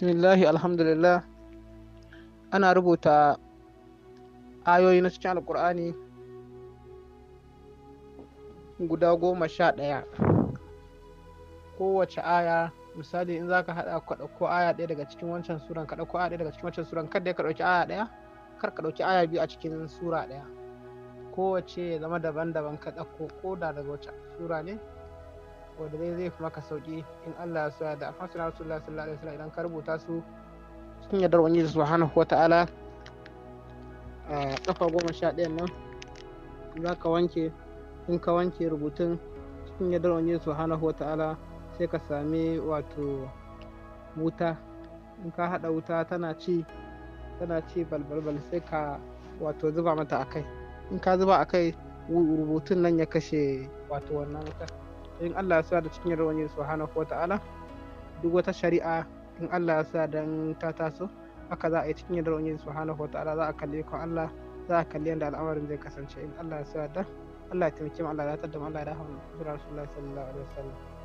bismillahi alhamdulillah ana rubuta ayoyi na cikin alkur'ani guda goma sha ɗaya kowace aya misali in zaka haɗa ka ɗauko aya ɗaya daga cikin wancan suran ka ɗauko aya ɗaya daga cikin wancan suran kada ka ɗauki aya ɗaya kar ka ɗauki aya biyu a cikin sura ɗaya kowace ya zama daban-daban ka ɗauko ko da daga wacce sura ne wanda zai zai maka sauki in Allah ya sa da amma sunan Rasulullah sallallahu alaihi wasallam idan ka rubuta su cikin yardar wani subhanahu wata'ala a kafa goma sha ɗayan nan za ka wanke in ka wanke rubutun cikin yardar wani subhanahu wata'ala sai ka sami wato wuta in ka haɗa wuta tana ci tana ci balbalbal sai ka wato zuba mata a kai in ka zuba a kai rubutun nan ya kashe wato wannan wutar in Allah ya sa da cikin yarwar ne subhanahu wa ta'ala duk wata shari'a in Allah ya sa dan ta taso haka za a yi cikin yarwar ne subhanahu wa ta'ala za a kalli ko Allah za a kalli yadda al'amarin zai kasance in Allah ya sa da Allah ya taimake mu Allah ya tada mu Allah ya rahama Rasulullahi sallallahu alaihi wasallam